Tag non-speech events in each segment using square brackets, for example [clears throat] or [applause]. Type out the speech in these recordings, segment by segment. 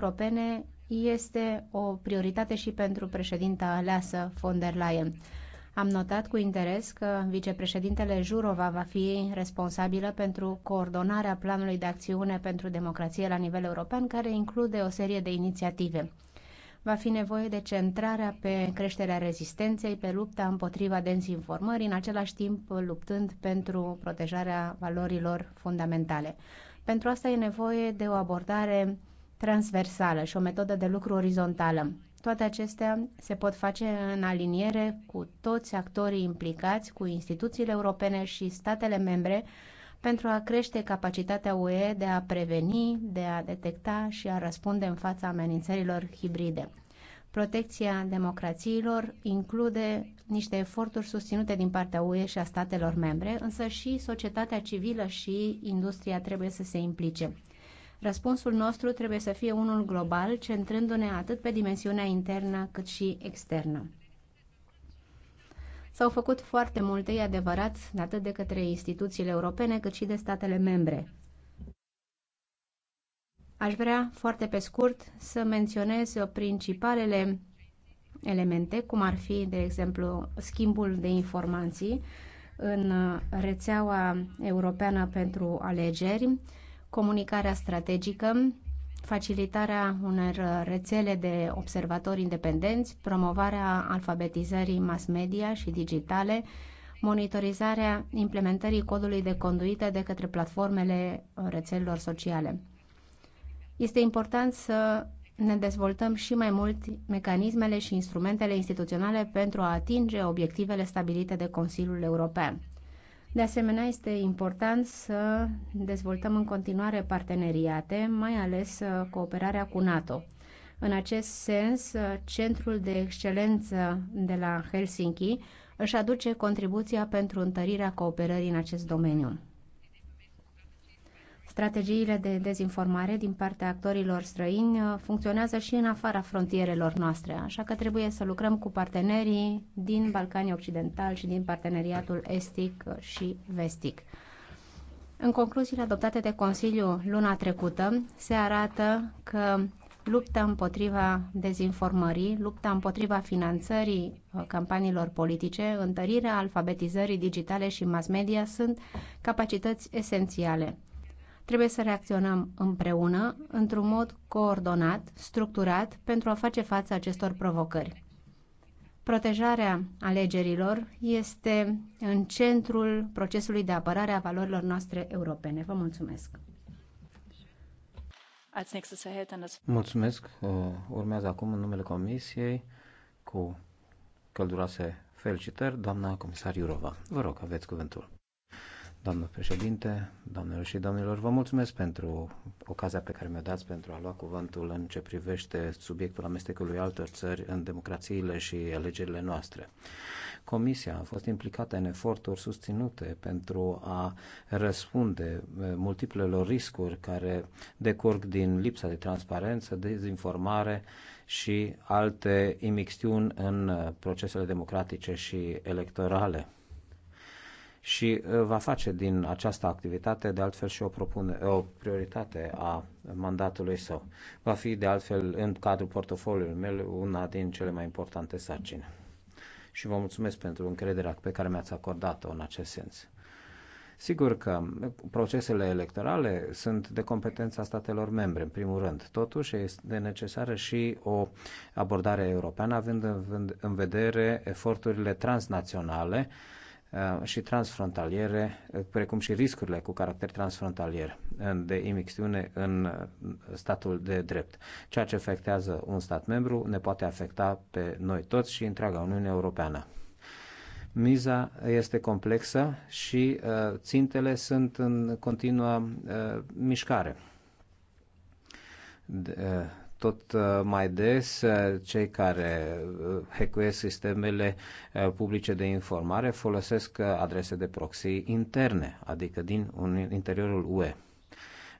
europene este o prioritate și pentru președinta aleasă von der Leyen. Am notat cu interes că vicepreședintele Jurova va fi responsabilă pentru coordonarea planului de acțiune pentru democrație la nivel european, care include o serie de inițiative. Va fi nevoie de centrarea pe creșterea rezistenței, pe lupta împotriva dezinformării, în același timp luptând pentru protejarea valorilor fundamentale. Pentru asta e nevoie de o abordare transversală și o metodă de lucru orizontală. Toate acestea se pot face în aliniere cu toți actorii implicați, cu instituțiile europene și statele membre, pentru a crește capacitatea UE de a preveni, de a detecta și a răspunde în fața amenințărilor hibride. Protecția democrațiilor include niște eforturi susținute din partea UE și a statelor membre, însă și societatea civilă și industria trebuie să se implice. Răspunsul nostru trebuie să fie unul global, centrându-ne atât pe dimensiunea internă cât și externă. S-au făcut foarte multe, e adevărat, atât de către instituțiile europene cât și de statele membre. Aș vrea, foarte pe scurt, să menționez principalele elemente, cum ar fi, de exemplu, schimbul de informații în rețeaua europeană pentru alegeri, comunicarea strategică, facilitarea unor rețele de observatori independenți, promovarea alfabetizării mass media și digitale, monitorizarea implementării codului de conduită de către platformele rețelelor sociale. Este important să ne dezvoltăm și mai mult mecanismele și instrumentele instituționale pentru a atinge obiectivele stabilite de Consiliul European. De asemenea, este important să dezvoltăm în continuare parteneriate, mai ales uh, cooperarea cu NATO. În acest sens, uh, Centrul de Excelență de la Helsinki își aduce contribuția pentru întărirea cooperării în acest domeniu. Strategiile de dezinformare din partea actorilor străini uh, funcționează și în afara frontierelor noastre, așa că trebuie să lucrăm cu partenerii din Balcanii Occidental și din parteneriatul estic uh, și vestic. În concluziile adoptate de Consiliu luna trecută, se arată că lupta împotriva dezinformării, lupta împotriva finanțării uh, campaniilor politice, întărirea alfabetizării digitale și mass media sunt capacități esențiale. Trebuie să reacționăm împreună, într-un mod coordonat, structurat, pentru a face față acestor provocări. Protejarea alegerilor este în centrul procesului de apărare a valorilor noastre europene. Vă mulțumesc! Mulțumesc! Uh, urmează acum în numele Comisiei cu călduroase felicitări, doamna comisar Iurova. Vă rog, aveți cuvântul. Doamnă președinte, doamnelor și domnilor, vă mulțumesc pentru ocazia pe care mi-o dați pentru a lua cuvântul în ce privește subiectul amestecului altor țări în democrațiile și alegerile noastre. Comisia a fost implicată în eforturi susținute pentru a răspunde eh, multiplelor riscuri care decurg din lipsa de transparență, dezinformare și alte imixtiuni în eh, procesele democratice și electorale și uh, va face din această activitate de altfel și o, propune, o prioritate a mandatului său. Va fi de altfel în cadrul portofoliului meu una din cele mai importante sarcini. Și vă mulțumesc pentru încrederea pe care mi-ați acordat-o în acest sens. Sigur că procesele electorale sunt de competența statelor membre, în primul rând. Totuși, este necesară și o abordare europeană, având în vedere eforturile transnaționale uh, Uh, și transfrontaliere, uh, precum și riscurile cu caracter transfrontalier uh, de imixtiune în statul de drept. Ceea ce afectează un stat membru ne poate afecta pe noi toți și întreaga Uniune Europeană. Miza este complexă și uh, țintele sunt în continuă uh, mișcare. De, uh, tot uh, mai des uh, cei care uh, hackuiesc sistemele publice de informare folosesc adrese de proxy interne, adică din interiorul UE.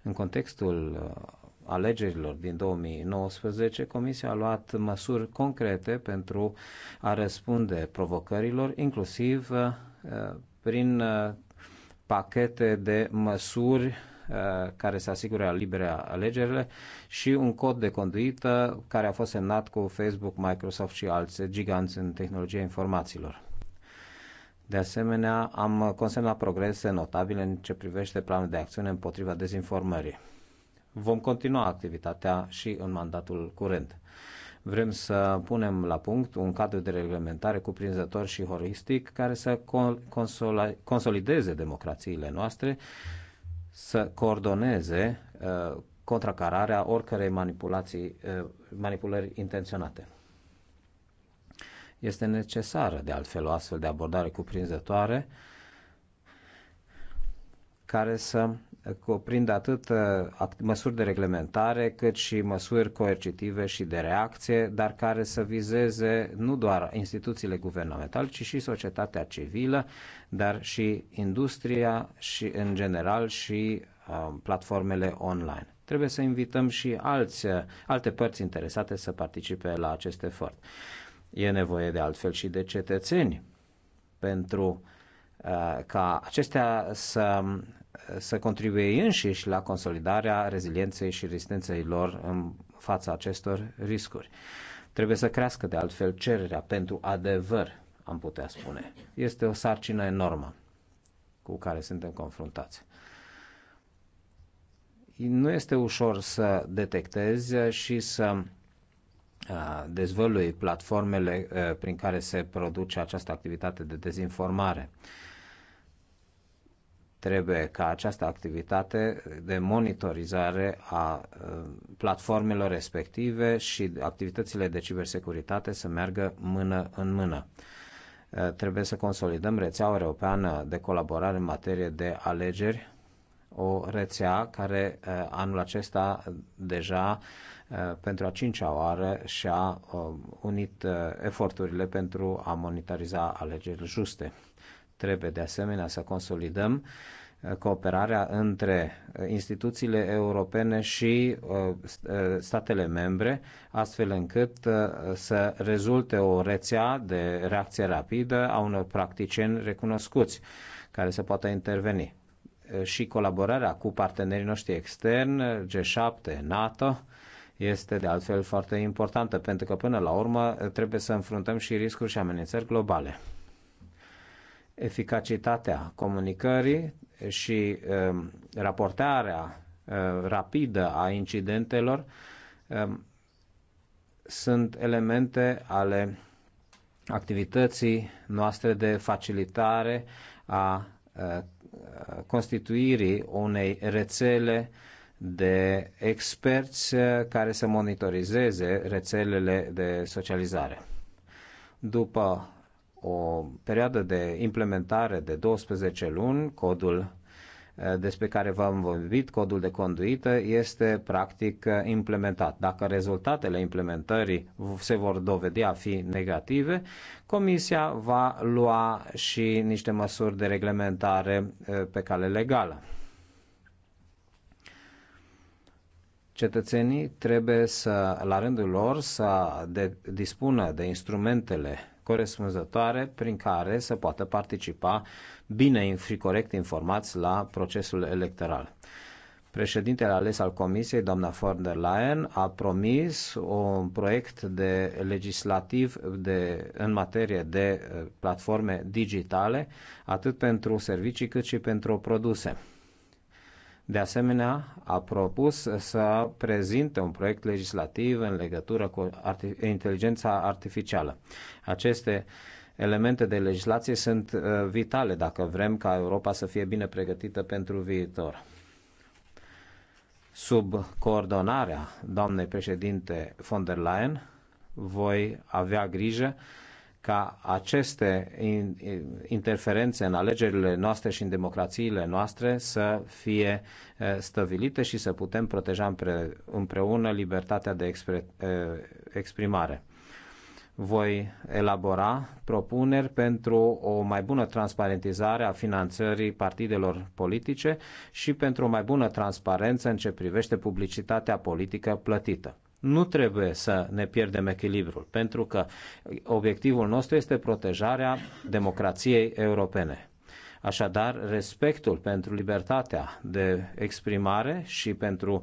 În contextul alegerilor din 2019, Comisia a luat măsuri concrete pentru a răspunde provocărilor, inclusiv prin pachete de măsuri Uh, care să asigure libere alegerile și un cod de conduită care a fost semnat cu Facebook, Microsoft și alți giganți în tehnologia informațiilor. De asemenea, am consemnat progrese notabile în ce privește planul de acțiune împotriva dezinformării. Vom continua activitatea și în mandatul curent. Vrem să punem la punct un cadru de reglementare cuprinzător și holistic care să consolideze democrațiile noastre să coordoneze uh, contracararea oricărei manipulații, uh, manipulări intenționate. Este necesară, de altfel, o astfel de abordare cuprinzătoare care să cuprind atât uh, măsuri de reglementare cât și măsuri coercitive și de reacție, dar care să vizeze nu doar instituțiile guvernamentale, ci și societatea civilă, dar și industria și în general și uh, platformele online. Trebuie să invităm și alți, uh, alte părți interesate să participe la acest efort. E nevoie de altfel și de cetățeni pentru ca acestea să să contribuie înșiși la consolidarea rezilienței și rezistenței lor în fața acestor riscuri. Trebuie să crească de altfel cererea pentru adevăr, am putea spune. Este o sarcină enormă cu care suntem confruntați. Nu este ușor să detectezi și să dezvălui platformele prin care se produce această activitate de dezinformare. Trebuie ca această activitate de monitorizare a uh, platformelor respective și activitățile de cibersecuritate să meargă mână în mână uh, trebuie să consolidăm rețeaua europeană de colaborare în materie de alegeri, o rețea care uh, anul acesta deja pentru a cincea oară și-a unit eforturile pentru a monitoriza alegeri juste. Trebuie de asemenea să consolidăm uh, cooperarea între uh, instituțiile europene și uh, statele membre, astfel încât să rezulte o rețea de reacție rapidă a unor practicieni recunoscuți care să poată interveni. Și colaborarea cu partenerii noștri externi, G7, NATO, este de altfel foarte importantă, pentru că până la urmă trebuie să înfruntăm și riscuri și amenințări globale eficacitatea comunicării și um, raportarea uh, rapidă a incidentelor um, sunt elemente ale activității noastre de facilitare a uh, constituirii unei rețele de experți uh, care să monitorizeze rețelele de socializare. După o perioadă de implementare de 12 luni, codul eh, despre care v-am vorbit, codul de conduită, este practic eh, implementat. Dacă rezultatele implementării se vor dovedi a fi negative, Comisia va lua și niște măsuri de reglementare eh, pe cale legală. Cetățenii trebuie să, la rândul lor, să de, dispună de instrumentele corespunzătoare prin care să poată participa bine și corect informați la procesul electoral. Președintele ales al Comisiei, doamna von der Leyen, a promis un proiect de legislativ de, în materie de eh, platforme digitale, atât pentru servicii cât și pentru produse. De asemenea, a propus să prezinte un proiect legislativ în legătură cu arti- inteligența artificială. Aceste elemente de legislație sunt uh, vitale dacă vrem ca Europa să fie bine pregătită pentru viitor. Sub coordonarea doamnei președinte von der Leyen, voi avea grijă ca aceste interferențe în alegerile noastre și în democrațiile noastre să fie eh, stăvilite și să putem proteja împreună libertatea de eh, exprimare. Voi elabora propuneri pentru o mai bună transparentizare a finanțării partidelor politice și pentru o mai bună transparență în ce privește publicitatea politică plătită nu trebuie să ne pierdem echilibrul, pentru că obiectivul nostru este protejarea democrației europene. Așadar, respectul pentru libertatea de exprimare și pentru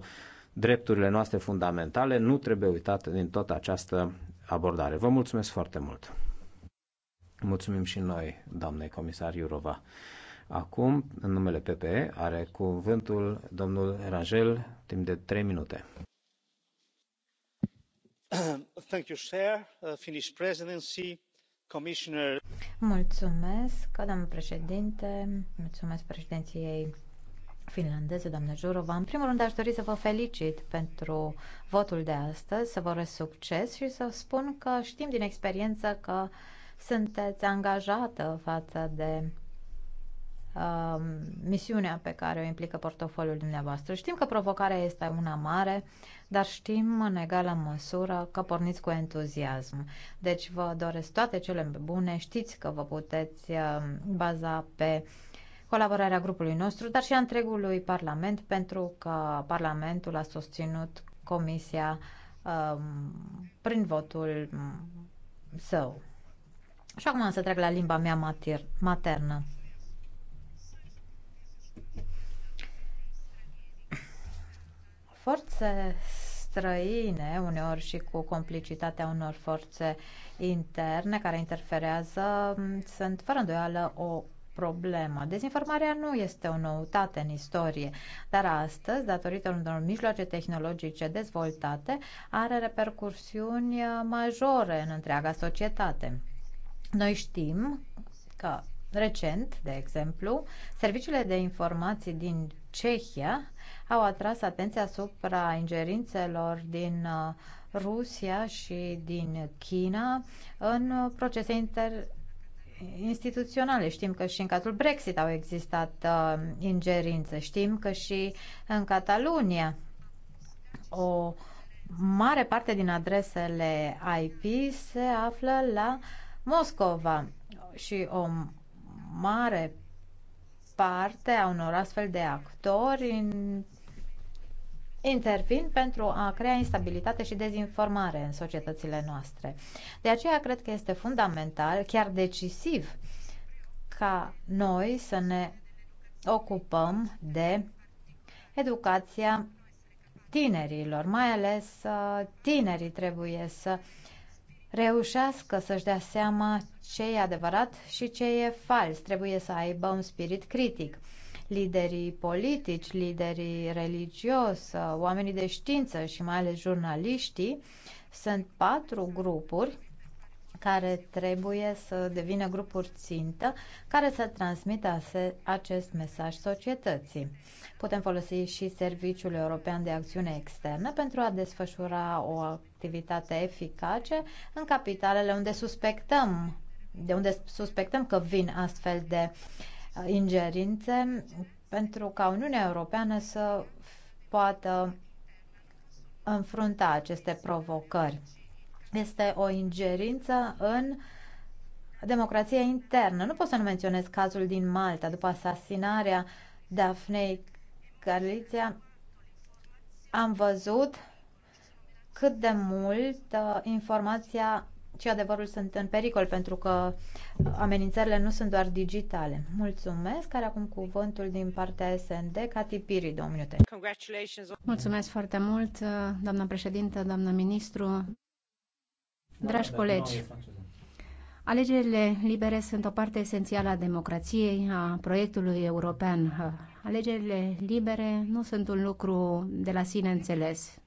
drepturile noastre fundamentale nu trebuie uitat din toată această abordare. Vă mulțumesc foarte mult! Mulțumim și noi, doamnei comisar Iurova. Acum, în numele PPE, are cuvântul domnul Rangel timp de 3 minute. [clears throat] Uh, mulțumesc, doamnă președinte, mulțumesc președinției finlandeză, doamnă Jourova. În primul rând, aș dori să vă felicit pentru votul de astăzi, să vă urez succes și să spun că știm din experiență că sunteți angajată față de um, misiunea pe care o implică portofoliul dumneavoastră. Știm că provocarea este una mare, dar știm în egală măsură că porniți cu entuziasm. Deci vă doresc toate cele bune, știți că vă puteți uh, baza pe colaborarea grupului nostru, dar și a întregului Parlament, pentru că Parlamentul a susținut Comisia um, prin votul mm, său. Și acum să trec la limba mea mater- maternă. forțe străine, uneori și cu complicitatea unor forțe interne care interferează, sunt fără îndoială o problemă. Dezinformarea nu este o noutate în istorie, dar astăzi, datorită unor mijloace tehnologice dezvoltate, are repercursiuni majore în întreaga societate. Noi știm că Recent, de exemplu, serviciile de informații din Cehia au atras atenția asupra ingerințelor din uh, Rusia și din China în procese inter instituționale. Știm că și în cazul Brexit au existat uh, ingerințe. Știm că și în Catalunia o mare parte din adresele IP se află la Moscova și o mare parte a unor astfel de actori intervin pentru a crea instabilitate și dezinformare în societățile noastre. De aceea cred că este fundamental, chiar decisiv, ca noi să ne ocupăm de educația tinerilor, mai ales uh, tinerii trebuie să reușească să-și dea seama ce e adevărat și ce e fals. Trebuie să aibă un spirit critic. Liderii politici, liderii religios, oamenii de știință și mai ales jurnaliștii sunt patru grupuri care trebuie să devină grupuri țintă care să transmită acest mesaj societății. Putem folosi și Serviciul European de Acțiune Externă pentru a desfășura o activitate eficace în capitalele unde suspectăm de unde suspectăm că vin astfel de uh, ingerințe pentru ca Uniunea Europeană să poată înfrunta aceste provocări este o ingerință în democrația internă. Nu pot să nu menționez cazul din Malta, după asasinarea Daphnei Galizia, am văzut cât de mult uh, informația și adevărul sunt în pericol, pentru că amenințările nu sunt doar digitale. Mulțumesc. Care acum cuvântul din partea SND, Cati Piri, două minute. Mulțumesc foarte mult, uh, doamna președintă, doamna ministru. Da, Dragi colegi, alegerile libere sunt o parte esențială a democrației, a proiectului european. Alegerile libere nu sunt un lucru de la sine înțeles.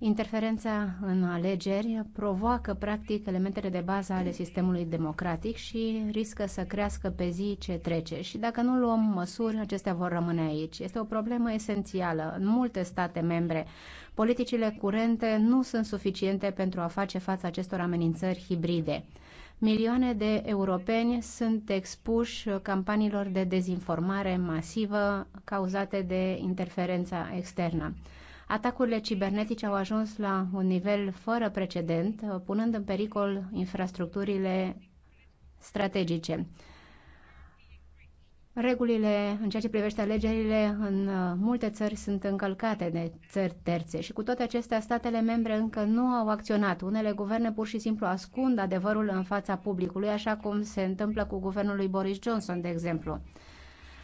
Interferența în alegeri provoacă practic elementele de bază ale sistemului democratic și riscă să crească pe zi ce trece și dacă nu luăm măsuri, acestea vor rămâne aici. Este o problemă esențială în multe state membre. Politicile curente nu sunt suficiente pentru a face față acestor amenințări hibride. Milioane de europeni sunt expuși campaniilor de dezinformare masivă cauzate de interferența externă. Atacurile cibernetice au ajuns la un nivel fără precedent, punând în pericol infrastructurile strategice. Regulile în ceea ce privește alegerile în uh, multe țări sunt încălcate de țări terțe și cu toate acestea statele membre încă nu au acționat. Unele guverne pur și simplu ascund adevărul în fața publicului, așa cum se întâmplă cu guvernul lui Boris Johnson, de exemplu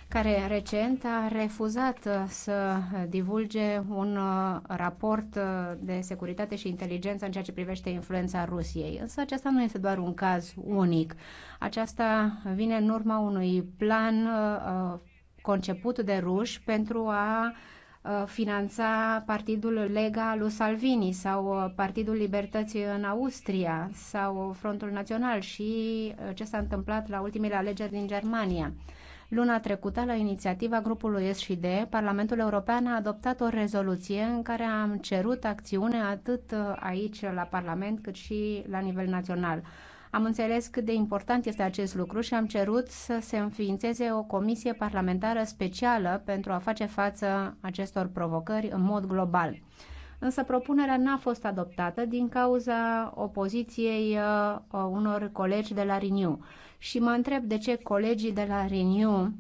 care recent a refuzat uh, să divulge un uh, raport uh, de securitate și inteligență în ceea ce privește influența Rusiei. Însă acesta nu este doar un caz unic. Aceasta vine în urma unui plan conceput de ruși pentru a finanța Partidul Lega lui Salvini sau Partidul Libertății în Austria sau Frontul Național și ce s-a întâmplat la ultimele alegeri din Germania. Luna trecută, la inițiativa grupului SD, Parlamentul European a adoptat o rezoluție în care am cerut acțiune atât uh, aici, la Parlament, cât și la nivel național. Am înțeles cât de important este acest lucru și am cerut să se înființeze o comisie parlamentară specială pentru a face față acestor provocări în mod global însă propunerea n-a fost adoptată din cauza opoziției uh, unor colegi de la Renew. Și mă întreb de ce colegii de la Renew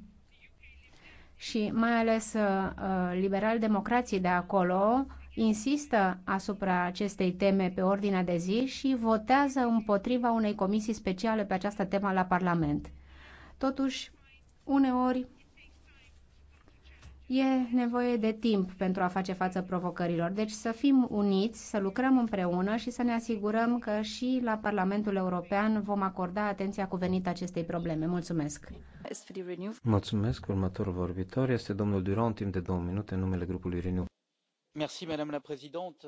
și mai ales uh, liberal-democrații de acolo insistă asupra acestei teme pe ordinea de zi și votează împotriva unei comisii speciale pe această temă la Parlament. Totuși, uneori E nevoie de timp pentru a face față provocărilor, deci să fim uniți, să lucrăm împreună și să ne asigurăm că și la Parlamentul European vom acorda atenția cuvenită acestei probleme. Mulțumesc! Mulțumesc! Următorul vorbitor este domnul Durand, timp de două minute, în numele grupului Renew. Merci, madame la présidente.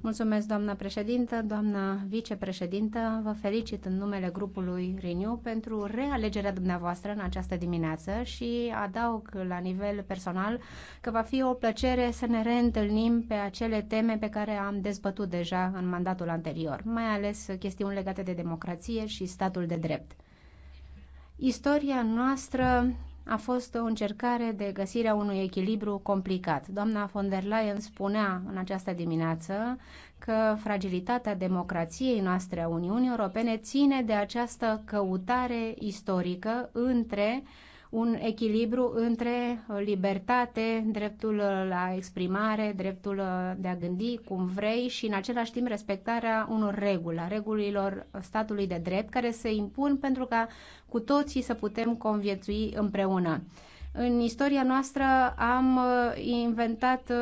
Mulțumesc, doamna președintă, doamna vicepreședintă. Vă felicit în numele grupului Renew pentru realegerea dumneavoastră în această dimineață și adaug la nivel personal că va fi o plăcere să ne reîntâlnim pe acele teme pe care am dezbătut deja în mandatul anterior, mai ales chestiuni legate de democrație și statul de drept. Istoria noastră a fost o încercare de găsirea unui echilibru complicat. Doamna von der Leyen spunea în această dimineață că fragilitatea democrației noastre a Uniunii Europene ține de această căutare istorică între uh, un echilibru între uh, libertate, dreptul uh, la exprimare, dreptul uh, de a gândi cum vrei și în același timp respectarea unor reguli, a regulilor statului de drept care se impun pentru ca cu toții să putem conviețui împreună. În istoria noastră am inventat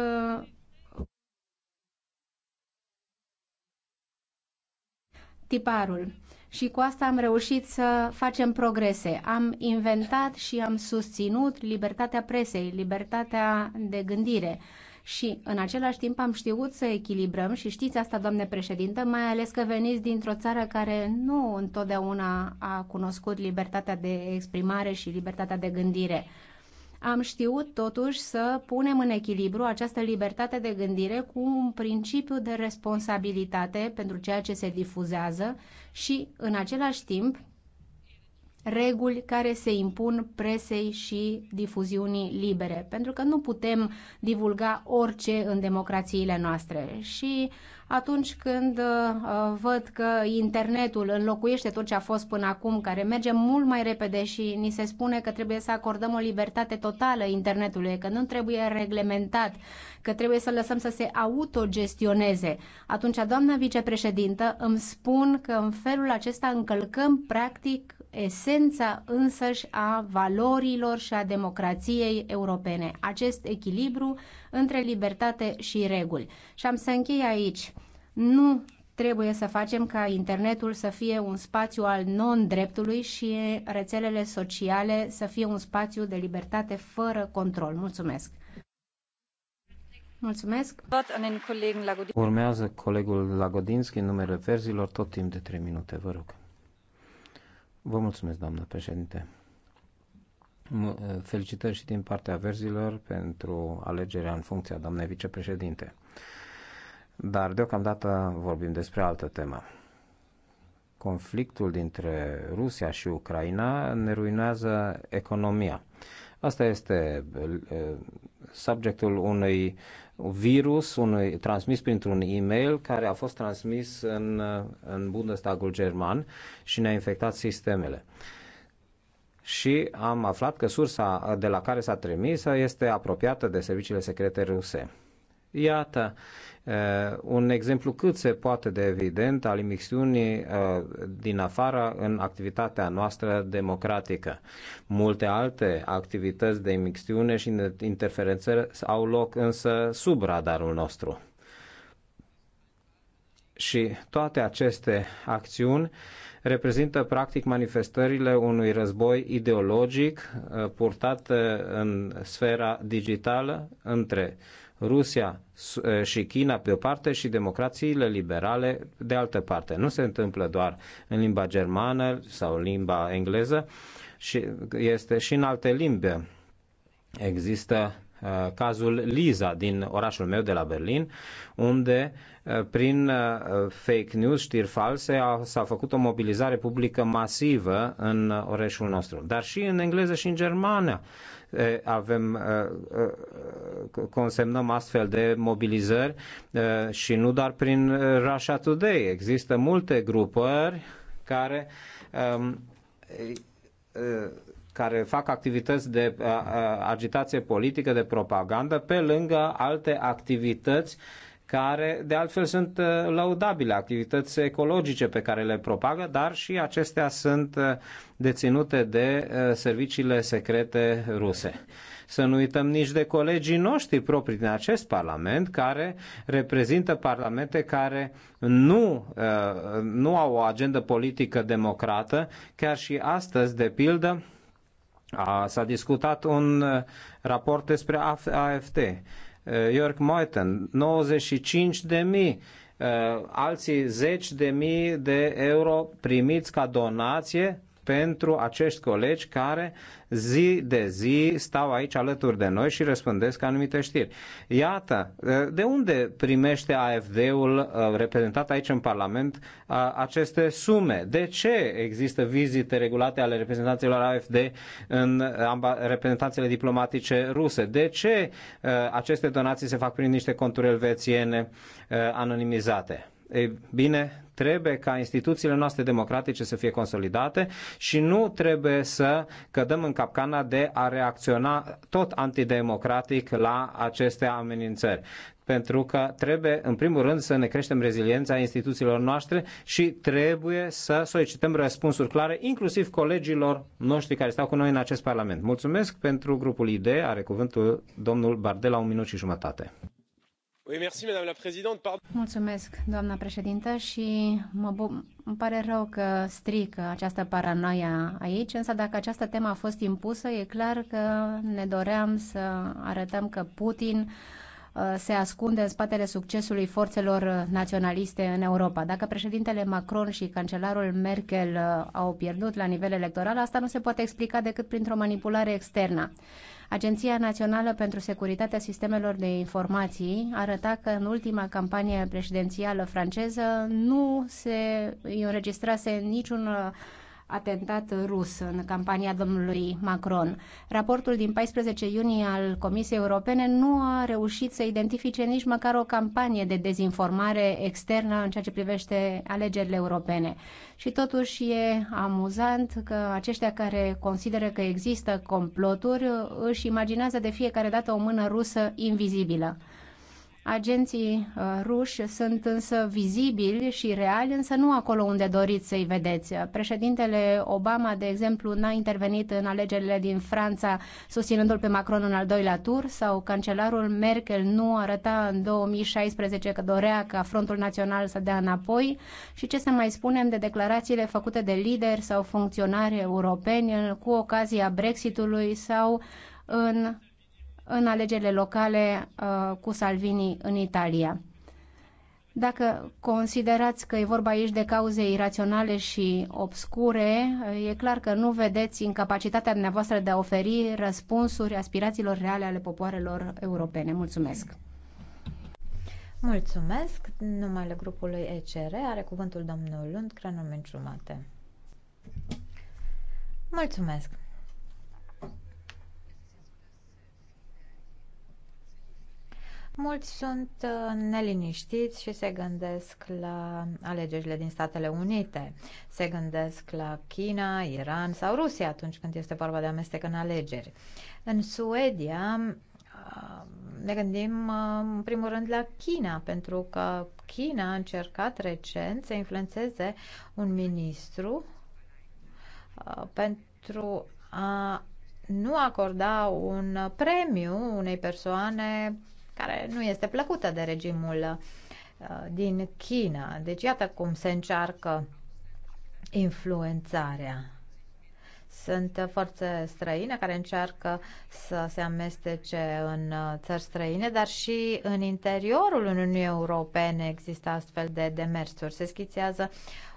tiparul și cu asta am reușit să facem progrese. Am inventat și am susținut libertatea presei, libertatea de gândire și în același timp am știut să echilibrăm și știți asta, doamne președintă, mai ales că veniți dintr-o țară care nu întotdeauna a cunoscut libertatea de exprimare și libertatea de gândire am știut totuși să punem în echilibru această libertate de gândire cu un principiu de responsabilitate pentru ceea ce se difuzează și, în același timp, reguli care se impun presei și difuziunii libere, pentru că nu putem divulga orice în democrațiile noastre. Și atunci când uh, văd că internetul înlocuiește tot ce a fost până acum, care merge mult mai repede și ni se spune că trebuie să acordăm o libertate totală internetului, că nu trebuie reglementat, că trebuie să lăsăm să se autogestioneze, atunci doamna vicepreședintă îmi spun că în felul acesta încălcăm practic esența însăși a valorilor și a democrației europene, acest echilibru între libertate și reguli. Și am să închei aici. Nu trebuie să facem ca internetul să fie un spațiu al non-dreptului și rețelele sociale să fie un spațiu de libertate fără control. Mulțumesc! Mulțumesc! Urmează colegul Lagodinski în numele verzilor, tot timp de 3 minute, vă rog. Vă mulțumesc, doamnă președinte. Felicitări și din partea verzilor pentru alegerea în funcția doamnei vicepreședinte. Dar deocamdată vorbim despre altă temă. Conflictul dintre Rusia și Ucraina ne ruinează economia. Asta este subiectul unei virus unui, transmis printr-un e-mail care a fost transmis în, în Bundestagul german și ne-a infectat sistemele. Și am aflat că sursa de la care s-a trimis este apropiată de serviciile secrete ruse. Iată, Eh, un exemplu cât se poate de evident al uh, din afara în activitatea noastră democratică. Multe alte activități de imixiune și interferențe au loc însă sub radarul nostru. Și toate aceste acțiuni reprezintă practic manifestările unui război ideologic eh, purtat în sfera digitală între uh, Rusia și China pe o parte și democrațiile liberale de altă parte. Nu se întâmplă doar în limba germană sau limba engleză, și este și în alte limbi. Există cazul Liza din orașul meu de la Berlin, unde prin uh, fake news, știri false, s-a făcut o mobilizare publică masivă în orașul nostru. Dar și în engleză și în germană avem, consemnăm astfel de mobilizări și nu doar prin Russia Today. Există multe grupări care um, care fac activități de agitație politică, de propagandă, pe lângă alte activități uh, care de altfel sunt uh, laudabile, activități ecologice pe care le propagă, dar și acestea sunt uh, deținute de uh, serviciile secrete ruse. Să nu uităm nici de colegii noștri proprii din acest parlament, care reprezintă parlamente care nu, nu au o agendă politică democrată, chiar și astăzi, de pildă, s-a discutat un raport despre AFT York Moiten, 95 de mii, eh, alții 10 de mii de euro primiți ca donație pentru acești colegi care zi de zi stau aici alături de noi și răspândesc anumite știri. Iată, de unde primește AFD-ul uh, reprezentat aici în Parlament uh, aceste sume? De ce există vizite regulate ale reprezentanților AFD în reprezentanțele diplomatice ruse? De ce uh, aceste donații se fac prin niște conturi elvețiene anonimizate? E bine, trebuie ca instituțiile noastre democratice să fie consolidate și nu trebuie să cădăm în capcana de a reacționa tot antidemocratic la aceste amenințări. Pentru că trebuie, în primul rând, să ne creștem reziliența instituțiilor noastre și trebuie să solicităm răspunsuri clare, inclusiv colegilor noștri care stau cu noi în acest Parlament. Mulțumesc pentru grupul ID. Are cuvântul domnul Bardela, un minut și jumătate doamnă președintă, și mă îmi pare rău că strică această paranoia aici, însă dacă această temă a fost impusă, e clar că ne doream să arătăm că Putin uh, se ascunde în spatele succesului forțelor naționaliste în Europa. Dacă președintele Macron și cancelarul Merkel uh, au pierdut la nivel electoral, asta nu se poate explica decât printr-o manipulare externă. Agenția Națională pentru Securitatea Sistemelor de Informații arăta că în ultima campanie prezidențială franceză nu se înregistrase niciun atentat rus în campania domnului Macron. Raportul din 14 iunie al Comisiei Europene nu a reușit să identifice nici măcar o campanie de dezinformare externă în ceea ce privește alegerile europene. Și totuși e amuzant că aceștia care consideră că există comploturi își imaginează de fiecare dată o mână rusă invizibilă. Agenții uh, ruși sunt însă vizibili și reali, însă nu acolo unde doriți să-i vedeți. Președintele Obama, de exemplu, n-a intervenit în alegerile din Franța susținându-l pe Macron în al doilea tur sau cancelarul Merkel nu arăta în 2016 că dorea ca Frontul Național să dea înapoi și ce să mai spunem de declarațiile făcute de lideri sau funcționari europeni cu ocazia Brexitului sau în în alegerile locale uh, cu Salvini în Italia. Dacă considerați că e vorba aici de cauze iraționale și obscure, e clar că nu vedeți incapacitatea dumneavoastră de a oferi răspunsuri aspirațiilor reale ale popoarelor europene. Mulțumesc! Mulțumesc! Numele grupului ECR are cuvântul domnul Lund, un jumate. Mulțumesc! Mulți sunt uh, neliniștiți și se gândesc la alegerile din Statele Unite, se gândesc la China, Iran sau Rusia atunci când este vorba de amestec în alegeri. În Suedia uh, ne gândim uh, în primul rând la China, pentru că China a încercat recent să influențeze un ministru pentru a nu acorda un premiu unei persoane care nu este plăcută de regimul uh, din China. Deci iată cum se încearcă influențarea. Sunt uh, forțe străine care încearcă să se amestece în uh, țări străine, dar și în interiorul Uniunii Europene există astfel de demersuri. Se schițează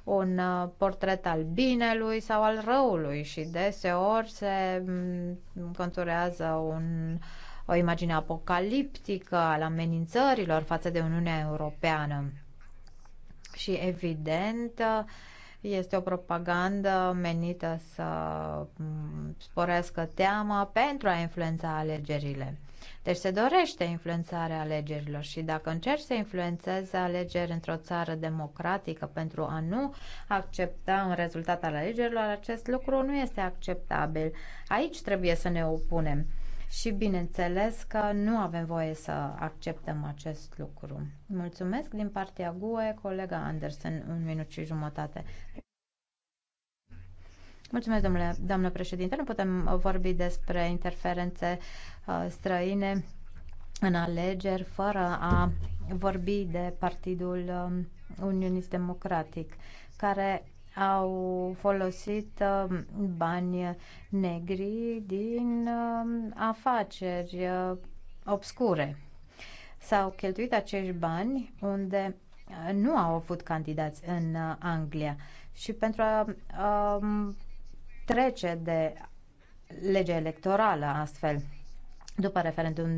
un portret al binelui sau al răului și deseori se mm, conturează un uh, o imagine apocaliptică al amenințărilor față de Uniunea Europeană. Și evident, este o propagandă menită să mm, sporească teama pentru a influența alegerile. Deci se dorește influențarea alegerilor și dacă încerci să influențezi alegeri într-o țară democratică pentru a nu accepta un rezultat al alegerilor, acest lucru nu este acceptabil. Aici trebuie să ne opunem și bineînțeles că nu avem voie să acceptăm acest lucru. Mulțumesc din partea GUE, colega Anderson, un minut și jumătate. Mulțumesc, domnule, doamnă președinte. Nu putem vorbi despre interferențe uh, străine în alegeri fără a vorbi de Partidul uh, um, Uniunii Democratic, care au folosit um, bani negri din um, afaceri uh, obscure. S-au cheltuit acești bani unde uh, nu au avut candidați în uh, Anglia și pentru a um, trece de legea electorală astfel. După referendum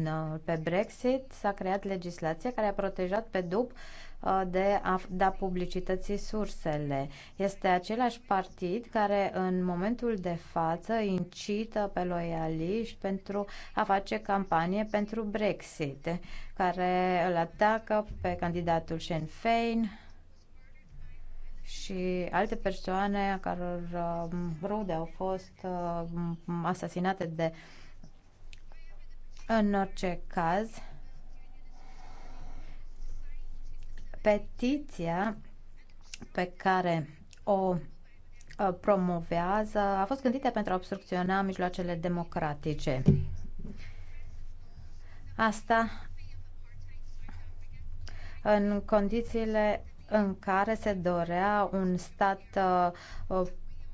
pe Brexit s-a creat legislație care a protejat pe DUP Uh, de a da publicității sursele. Este același partid care în momentul de față incită pe loialiști pentru a face campanie pentru Brexit, care îl atacă pe candidatul Sinn Féin și alte persoane a căror uh, rude au fost uh, asasinate de în orice caz, Petiția pe care o uh, promovează a fost gândită pentru a obstrucționa mijloacele democratice. Asta în condițiile în care se dorea un stat uh, uh,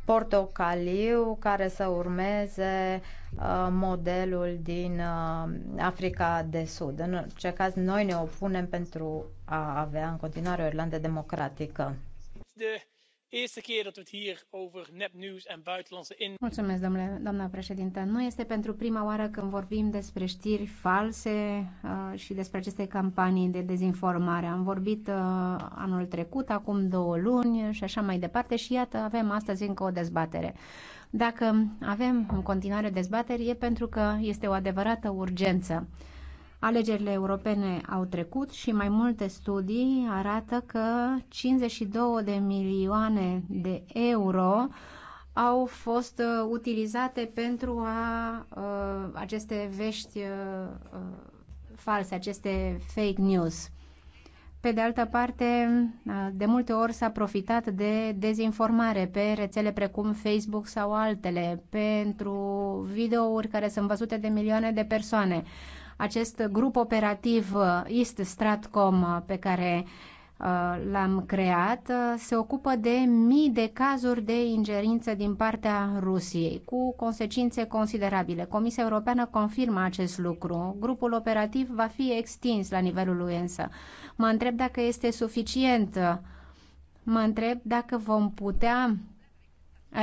portocaliu care să urmeze modelul din Africa de Sud. În orice caz, noi ne opunem pentru a avea în continuare o Irlandă democratică. Mulțumesc, domnule, doamna președintă. Nu este pentru prima oară când vorbim despre știri false uh, și despre aceste campanii de dezinformare. Am vorbit uh, anul trecut, acum două luni și așa mai departe și iată, avem astăzi încă o dezbatere. Dacă avem în continuare dezbateri, e pentru că este o adevărată urgență. Uh, Alegerile europene au trecut și mai multe studii arată că 52 de milioane de euro au fost uh, utilizate pentru a uh, aceste vești uh, false, aceste fake news. Pe de altă parte, de multe ori s-a profitat de dezinformare pe rețele precum Facebook sau altele, pentru videouri care sunt văzute de milioane de persoane acest grup operativ uh, East Stratcom uh, pe care uh, l-am creat, se ocupă de mii de cazuri de ingerință din partea Rusiei, cu consecințe considerabile. Comisia Europeană confirmă acest lucru. Grupul operativ va fi extins la nivelul lui însă. Mă întreb dacă este suficient. Mă întreb dacă vom putea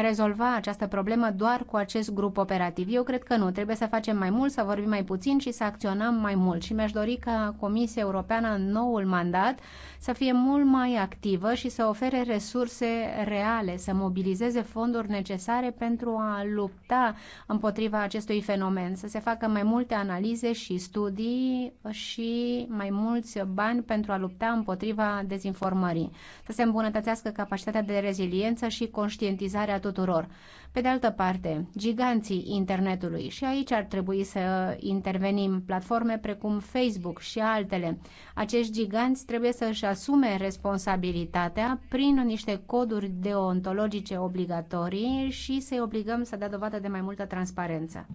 rezolva această problemă doar cu acest grup operativ. Eu cred că nu. Trebuie să facem mai mult, să vorbim mai puțin și să acționăm mai mult. Și mi-aș dori ca Comisia Europeană în noul mandat să fie mult mai activă și să ofere resurse reale, să mobilizeze fonduri necesare pentru a lupta împotriva acestui fenomen, să se facă mai multe analize și studii și mai mulți bani pentru a lupta împotriva dezinformării, să se îmbunătățească capacitatea de reziliență și conștientizarea tuturor. Pe de altă parte, giganții internetului și aici ar trebui să intervenim platforme precum Facebook și altele. Acești giganți trebuie să își asume responsabilitatea prin niște coduri deontologice obligatorii și să-i obligăm să dea dovadă de mai multă transparență.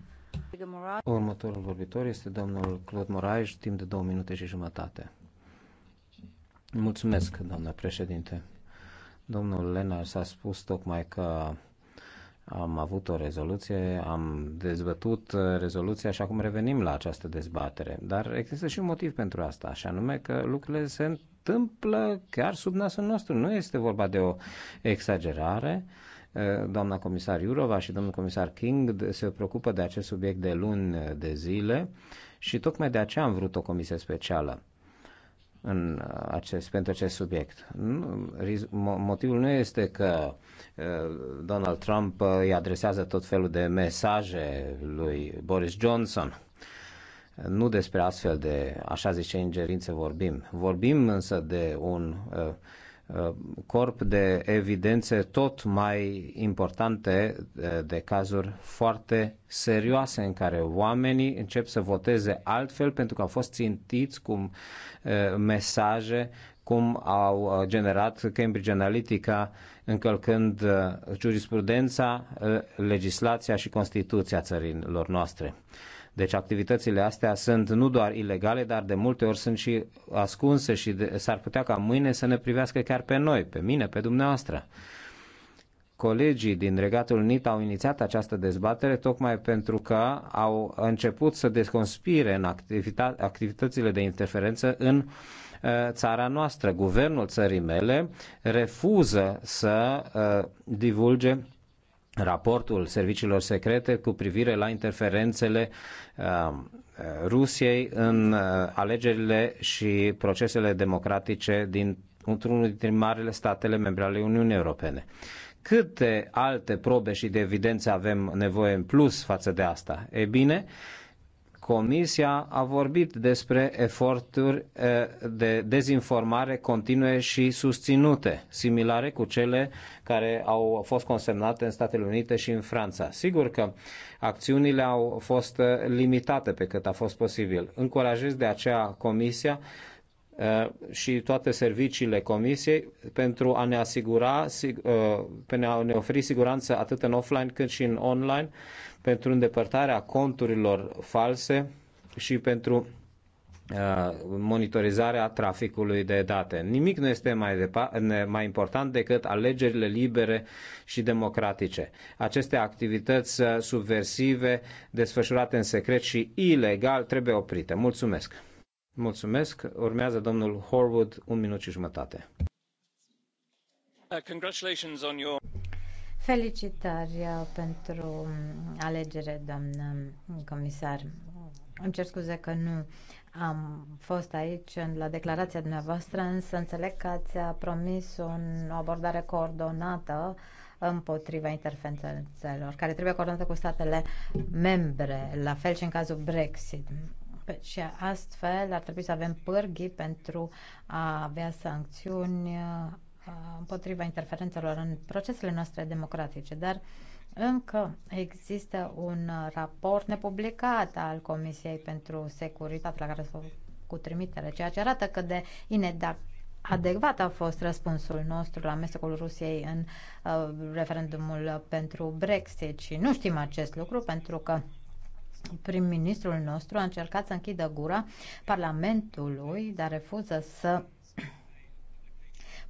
Următorul vorbitor este domnul Claude Moraes, timp de două minute și jumătate. Mulțumesc, doamna președinte. Domnul Lenar s-a spus tocmai că am avut o rezoluție, am dezbătut uh, rezoluția și acum revenim la această dezbatere. Dar există și un motiv pentru asta, și anume că lucrurile se întâmplă chiar sub nasul nostru. Nu este vorba de o exagerare. Uh, doamna comisar Iurova și domnul comisar King se preocupă de acest subiect de luni de zile și tocmai de aceea am vrut o comisie specială în acest, pentru acest subiect. motivul nu este că uh, Donald Trump uh, îi adresează tot felul de mesaje lui Boris Johnson. Nu despre astfel de, așa zice, ingerințe vorbim. Vorbim însă de un uh, corp de evidențe tot mai importante de cazuri foarte serioase în care oamenii încep să voteze altfel pentru că au fost țintiți cu mesaje cum au generat Cambridge Analytica încălcând jurisprudența, legislația și Constituția țărilor noastre. Deci activitățile astea sunt nu doar ilegale, dar de multe ori sunt și ascunse și s-ar putea ca mâine să ne privească chiar pe noi, pe mine, pe dumneavoastră. Colegii din Regatul NIT au inițiat această dezbatere tocmai pentru că au început să desconspire în activita- activitățile de interferență în uh, țara noastră. Guvernul țării mele refuză să uh, divulge raportul serviciilor secrete cu privire la interferențele um, Rusiei în uh, alegerile și procesele democratice din într-unul dintre marile statele membre ale Uniunii Europene. Câte alte probe și de evidențe avem nevoie în plus față de asta? E bine, Comisia a vorbit despre eforturi eh, de dezinformare continue și susținute, similare cu cele care au fost consemnate în Statele Unite și în Franța. Sigur că acțiunile au fost limitate pe cât a fost posibil. Încurajez de aceea Comisia Uh, și toate serviciile comisiei pentru a ne asigura, uh, pentru a ne oferi siguranță atât în offline cât și în online, pentru îndepărtarea conturilor false și pentru uh, monitorizarea traficului de date. Nimic nu este mai, depa- mai important decât alegerile libere și democratice. Aceste activități subversive, desfășurate în secret și ilegal, trebuie oprite. Mulțumesc! Mulțumesc. Urmează domnul Horwood, un minut și jumătate. Uh, Felicitări uh, pentru um, alegere, doamnă um, comisar. Îmi cer scuze că nu am fost aici la declarația dumneavoastră, însă înțeleg că ați uh, promis un, o abordare coordonată împotriva interferențelor, care trebuie coordonată cu statele membre, la fel și în cazul Brexit și astfel ar trebui să avem pârghii pentru a avea sancțiuni uh, împotriva interferențelor în procesele noastre democratice, dar încă există un raport nepublicat al Comisiei pentru Securitate la care s-a făcut trimitere, ceea ce arată că de inadecvat a fost răspunsul nostru la amestecul Rusiei în uh, referendumul pentru Brexit și nu știm acest lucru pentru că prim-ministrul nostru a încercat să închidă gura Parlamentului, dar refuză să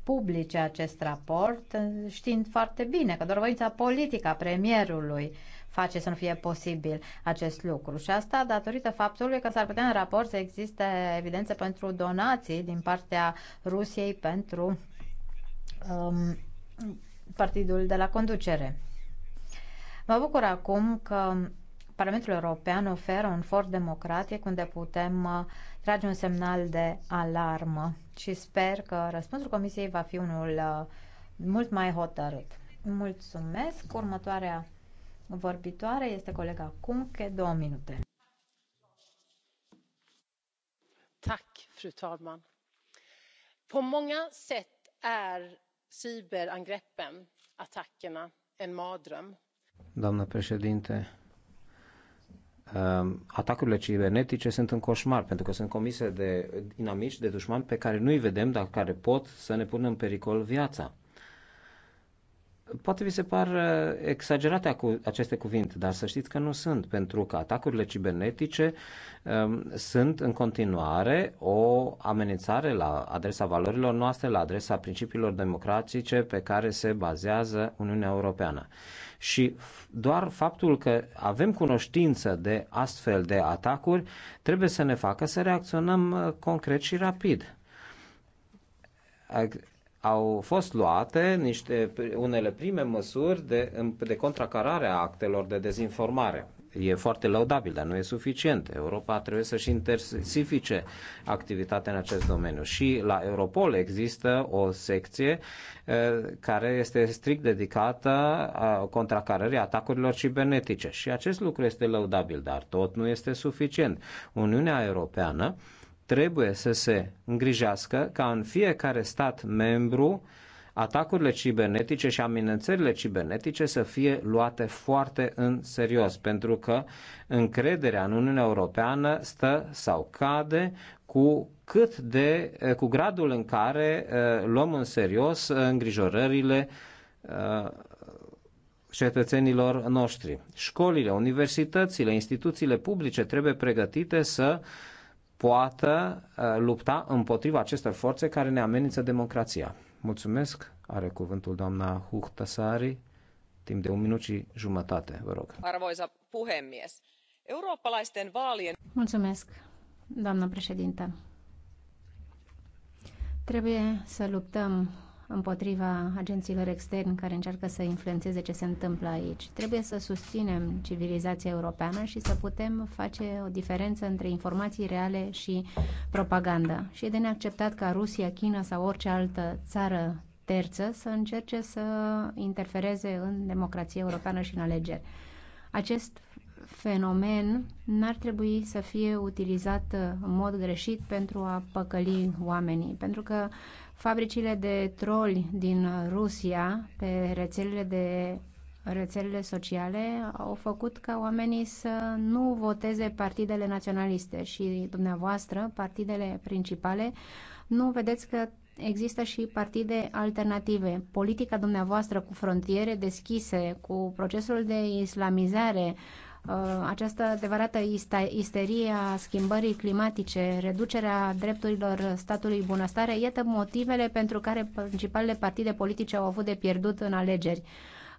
publice acest raport, știind foarte bine că doar voința politică a premierului face să nu fie posibil acest lucru. Și asta datorită faptului că s-ar putea în raport să existe evidențe pentru donații din partea Rusiei pentru um, partidul de la conducere. Mă bucur acum că Parlamentul European oferă un for democratic unde putem uh, trage un semnal de alarmă și sper că răspunsul Comisiei va fi unul uh, mult mai hotărât. Mulțumesc. Următoarea vorbitoare este colega Cunche, două minute. Tack, fru talman. På många sätt är cyberangreppen, attackerna, en mardröm. Doamnă președinte, Um, atacurile cibernetice sunt un coșmar, pentru că sunt comise de inamici, de dușmani pe care nu-i vedem, dar care pot să ne pună în pericol viața. Poate vi se par uh, exagerate aceste cuvinte, dar să știți că nu sunt, pentru că atacurile cibernetice um, sunt în continuare o amenințare la adresa valorilor noastre, la adresa principiilor democratice pe care se bazează Uniunea Europeană. Și doar faptul că avem cunoștință de astfel de atacuri trebuie să ne facă să reacționăm uh, concret și rapid au fost luate niște, unele prime măsuri de, de contracarare a actelor de dezinformare. E foarte laudabil, dar nu e suficient. Europa trebuie să-și intensifice activitatea în acest domeniu. Și la Europol există o secție eh, care este strict dedicată a eh, contracarării atacurilor cibernetice. Și acest lucru este laudabil, dar tot nu este suficient. Uniunea Europeană trebuie să se îngrijească ca în fiecare stat membru atacurile cibernetice și amenințările cibernetice să fie luate foarte în serios, pentru că încrederea în Uniunea Europeană stă sau cade cu cât de cu gradul în care uh, luăm în serios uh, îngrijorările uh, cetățenilor noștri. Școlile, universitățile, instituțiile publice trebuie pregătite să uh, poată uh, lupta împotriva acestor forțe care ne amenință democrația. Mulțumesc. Are cuvântul doamna Huhtasari, timp de un minut și jumătate, vă rog. Arvoisa puhemies. Eurooppalaisten vaalien... Mulțumesc, doamna președintă. Trebuie să luptăm împotriva agenților externi care încearcă să influențeze ce se întâmplă aici. Trebuie să susținem civilizația europeană și să putem face o diferență între informații reale și propaganda. Și e de neacceptat ca Rusia, China sau orice altă țară terță să încerce să interfereze în democrația europeană și în alegeri. Acest fenomen n-ar trebui să fie utilizat în mod greșit pentru a păcăli oamenii, pentru că fabricile de troli din Rusia pe rețelele de rețelele sociale au făcut ca oamenii să nu voteze partidele naționaliste și dumneavoastră, partidele principale, nu vedeți că există și partide alternative. Politica dumneavoastră cu frontiere deschise, cu procesul de islamizare, uh, Uh, această adevărată isterie a schimbării climatice, reducerea drepturilor statului bunăstare, iată motivele pentru care principalele partide politice au avut de pierdut în alegeri.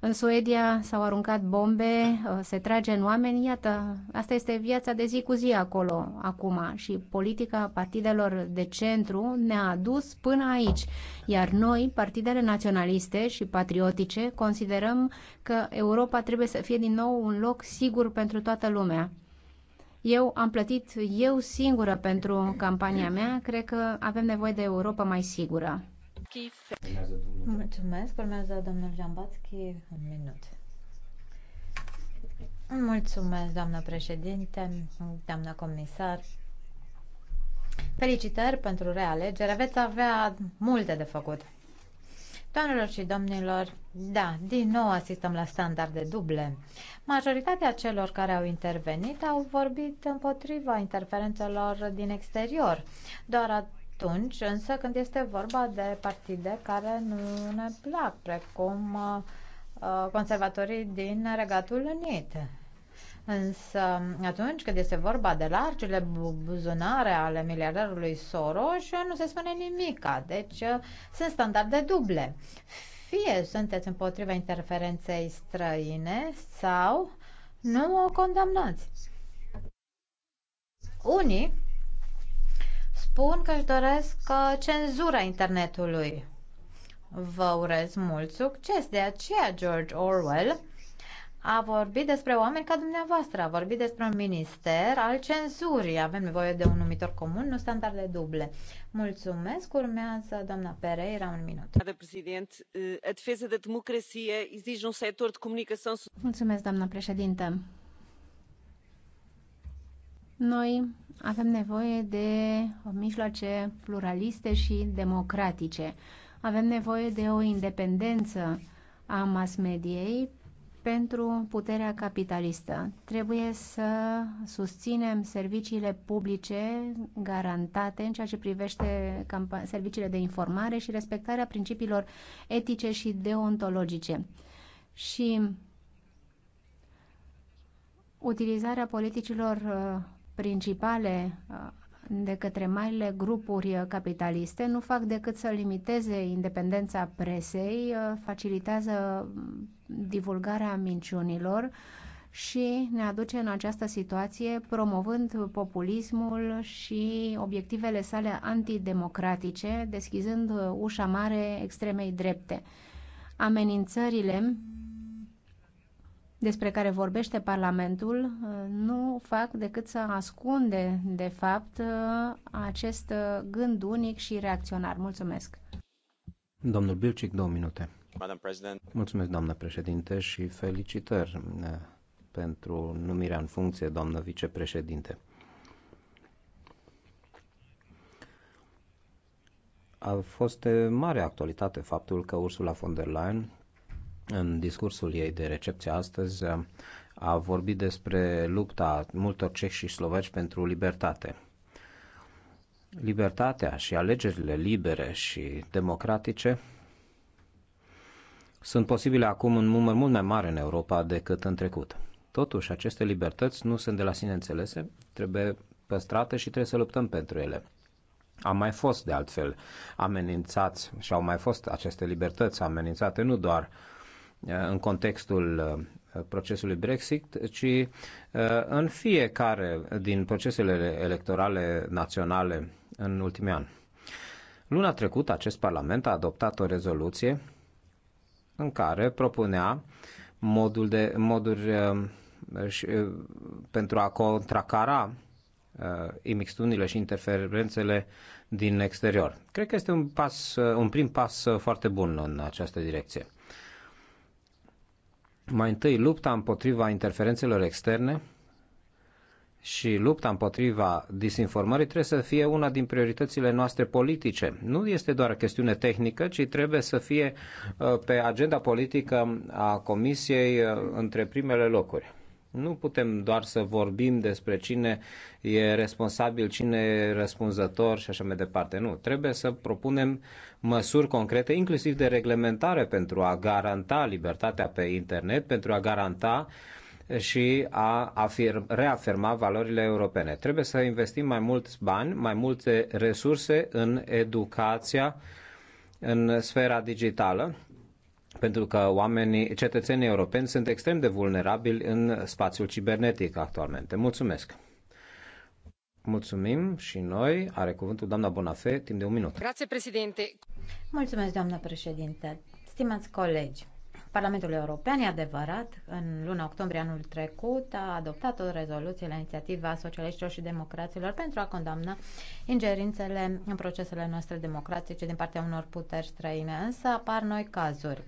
În Suedia s-au aruncat bombe, uh, se trage în oameni, iată, asta este viața de zi cu zi acolo, acum. Și politica partidelor de centru ne-a adus până aici. Iar noi, partidele naționaliste și patriotice, considerăm că Europa trebuie să fie din nou un loc sigur pentru toată lumea. Eu am plătit eu singură pentru campania mea, cred că avem nevoie de Europa mai sigură. Mulțumesc. Urmează domnul Jambatski un minut. Mulțumesc, doamnă președinte, doamnă comisar. Felicitări pentru realegere. Veți avea multe de făcut. Doamnelor și domnilor, da, din nou asistăm la standarde duble. Majoritatea celor care au intervenit au vorbit împotriva interferențelor din exterior. Doar atunci însă când este vorba de partide care nu ne plac, precum uh, uh conservatorii din Regatul Unit. Însă atunci când este vorba de largile buzunare ale miliardarului Soros, nu se spune nimica, deci uh, sunt standarde duble. Fie sunteți împotriva interferenței străine sau nu o condamnați. Unii spun că își doresc uh, cenzura internetului. Vă urez mult succes! De aceea George Orwell a vorbit despre oameni ca dumneavoastră, a vorbit despre un minister al cenzurii. Avem nevoie de un numitor comun, nu standarde duble. Mulțumesc. Urmează doamna Pereira, un minut. Eh, da um Mulțumesc, doamna președintă. Noi avem nevoie de mijloace pluraliste și democratice. Avem nevoie de o independență a mass-mediei pentru puterea capitalistă. Trebuie să susținem serviciile publice garantate în ceea ce privește serviciile de informare și respectarea principiilor etice și deontologice. Și utilizarea politicilor uh, principale uh, de către marile grupuri capitaliste nu fac decât să limiteze independența presei, uh, facilitează mm, divulgarea minciunilor și ne aduce în această situație promovând populismul și obiectivele sale antidemocratice, deschizând uh, ușa mare extremei drepte. Amenințările despre care vorbește Parlamentul uh, nu fac decât să ascunde, de fapt, uh, acest uh, gând unic și reacționar. Mulțumesc! Domnul Bilcic, două minute. Mulțumesc, doamnă președinte, și felicitări pentru numirea în funcție, doamnă vicepreședinte. A fost de mare actualitate faptul că Ursula von der Leyen în discursul ei de recepție astăzi, a vorbit despre lupta multor cehi și slovaci pentru libertate. Libertatea și alegerile libere și democratice sunt posibile acum în număr mult mai mare în Europa decât în trecut. Totuși, aceste libertăți nu sunt de la sine înțelese, trebuie păstrate și trebuie să luptăm pentru ele. Am mai fost, de altfel, amenințați și au mai fost aceste libertăți amenințate nu doar uh, în contextul uh, procesului Brexit, ci uh, în fiecare din procesele electorale naționale în ultimii ani. Luna trecută, acest Parlament a adoptat o rezoluție în care propunea modul de, moduri uh, pentru a contracara imixtunile și interferențele din exterior. Cred că este un, pas, un prim pas foarte bun în această direcție. Mai întâi, lupta împotriva interferențelor externe și lupta împotriva disinformării trebuie să fie una din prioritățile noastre politice. Nu este doar o chestiune tehnică, ci trebuie să fie uh, pe agenda politică a Comisiei uh, între primele locuri. Nu putem doar să vorbim despre cine e responsabil, cine e răspunzător și așa mai departe. Nu, trebuie să propunem măsuri concrete, inclusiv de reglementare, pentru a garanta libertatea pe internet, pentru a garanta și a afirm, reafirma valorile europene. Trebuie să investim mai mulți bani, mai multe resurse în educația, în sfera digitală pentru că oamenii, cetățenii europeni sunt extrem de vulnerabili în spațiul cibernetic actualmente. Mulțumesc! Mulțumim și noi. Are cuvântul doamna Bonafé timp de un minut. Grație, președinte. Mulțumesc, doamna președinte. Stimați colegi, Parlamentul European, e adevărat, în luna octombrie anul trecut a adoptat o rezoluție la inițiativa socialiștilor și democraților pentru a condamna ingerințele în procesele noastre democratice din partea unor puteri străine, însă apar noi cazuri.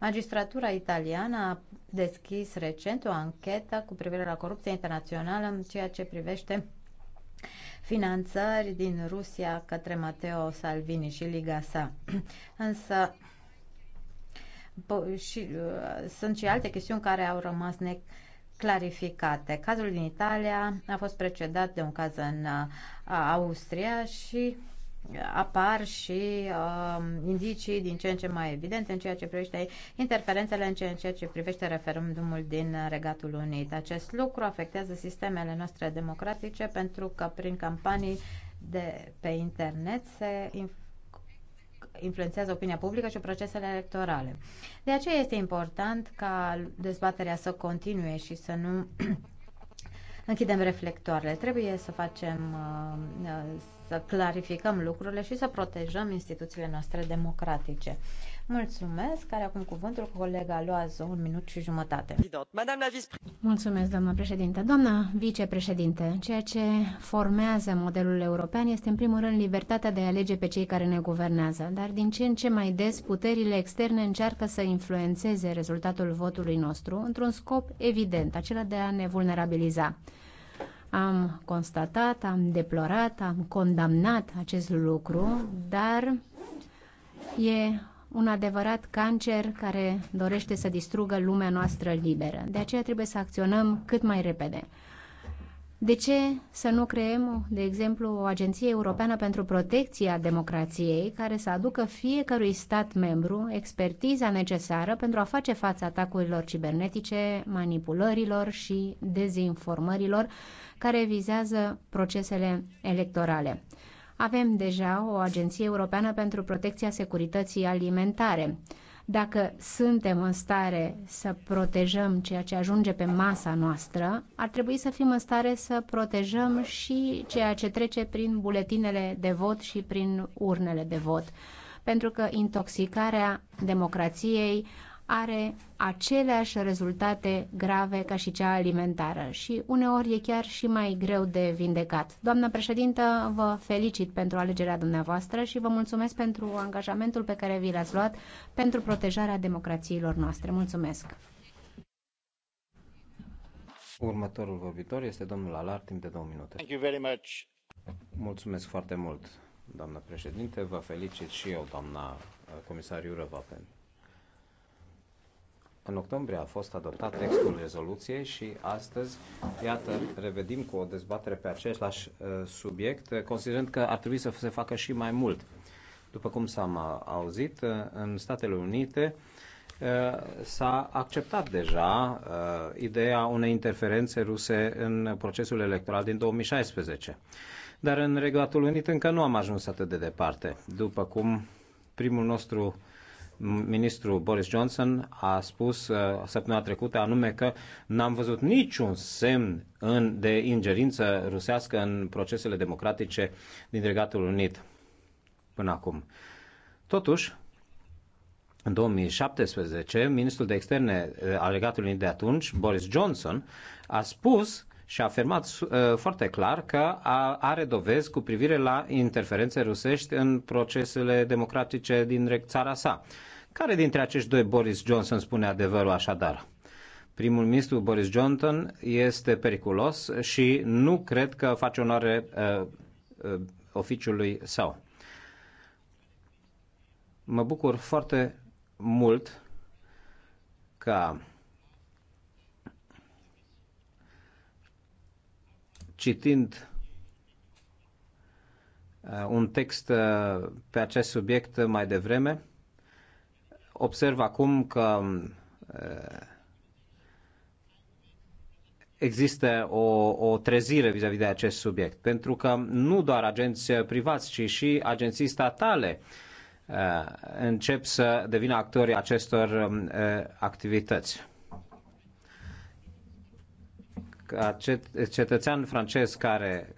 Magistratura italiană a deschis recent o anchetă cu privire la corupția internațională în ceea ce privește finanțări din Rusia către Matteo Salvini și Liga sa. [clears throat] Însă și uh, sunt și alte chestiuni care au rămas neclarificate. Cazul din Italia a fost precedat de un caz în uh, Austria și apar și uh, indicii din ce în ce mai evidente în ceea ce privește interferențele, în ceea ce privește referendumul din Regatul Unit. Acest lucru afectează sistemele noastre democratice pentru că prin campanii de pe internet se inf- influențează opinia publică și procesele electorale. De aceea este important ca dezbaterea să continue și să nu [clears throat] închidem reflectoarele. Trebuie să facem, uh, să clarificăm lucrurile și să protejăm instituțiile noastre democratice. Mulțumesc, care acum cuvântul colega Loază, un minut și jumătate. Mulțumesc, doamna președinte. Doamna vicepreședinte, ceea ce formează modelul european este în primul rând libertatea de a alege pe cei care ne guvernează, dar din ce în ce mai des puterile externe încearcă să influențeze rezultatul votului nostru într-un scop evident, acela de a ne vulnerabiliza. Am constatat, am deplorat, am condamnat acest lucru, dar e un adevărat cancer care dorește să distrugă lumea noastră liberă. De aceea trebuie să acționăm cât mai repede. De ce să nu creăm, de exemplu, o agenție europeană pentru protecția democrației care să aducă fiecărui stat membru expertiza necesară pentru a face față atacurilor cibernetice, manipulărilor și dezinformărilor care vizează procesele electorale? Avem deja o Agenție Europeană pentru Protecția Securității Alimentare. Dacă suntem în stare să protejăm ceea ce ajunge pe masa noastră, ar trebui să fim în stare să protejăm și ceea ce trece prin buletinele de vot și prin urnele de vot pentru că intoxicarea democrației are aceleași rezultate grave ca și cea alimentară și uneori e chiar și mai greu de vindecat. Doamna președintă, vă felicit pentru alegerea dumneavoastră și vă mulțumesc pentru angajamentul pe care vi l-ați luat pentru protejarea democrațiilor noastre. Mulțumesc! Următorul vorbitor este domnul Alar, timp de două minute. Thank you very much. Mulțumesc foarte mult, doamnă președinte. Vă felicit și eu, doamna comisar Iurăva, pentru în octombrie a fost adoptat textul rezoluției și astăzi, iată, revedim cu o dezbatere pe același uh, subiect, uh, considerând că ar trebui să se facă și mai mult. După cum s-am uh, auzit, în Statele Unite s-a acceptat deja ideea unei interferențe ruse în procesul electoral din 2016. Dar în Regatul Unit încă nu am ajuns atât de departe. După cum primul nostru uh, ministrul Boris Johnson a spus uh, săptămâna trecută anume că n-am văzut niciun semn în, de ingerință rusească în procesele democratice din Regatul Unit până acum. Totuși, în 2017, ministrul de externe uh, al Regatului Unit de atunci, Boris Johnson, a spus și a afirmat uh, foarte clar că are dovezi cu privire la interferențe rusești în procesele democratice din țara sa. Care dintre acești doi Boris Johnson spune adevărul așadar? Primul ministru Boris Johnson este periculos și nu cred că face onoare uh, uh, oficiului său. Mă bucur foarte mult că citind uh, un text uh, pe acest subiect mai devreme, observ acum că uh, există o, o trezire vis-a-vis -vis de acest subiect, pentru că nu doar agenți privați, ci și agenții statale încep să devină actorii acestor activități cetățean francez care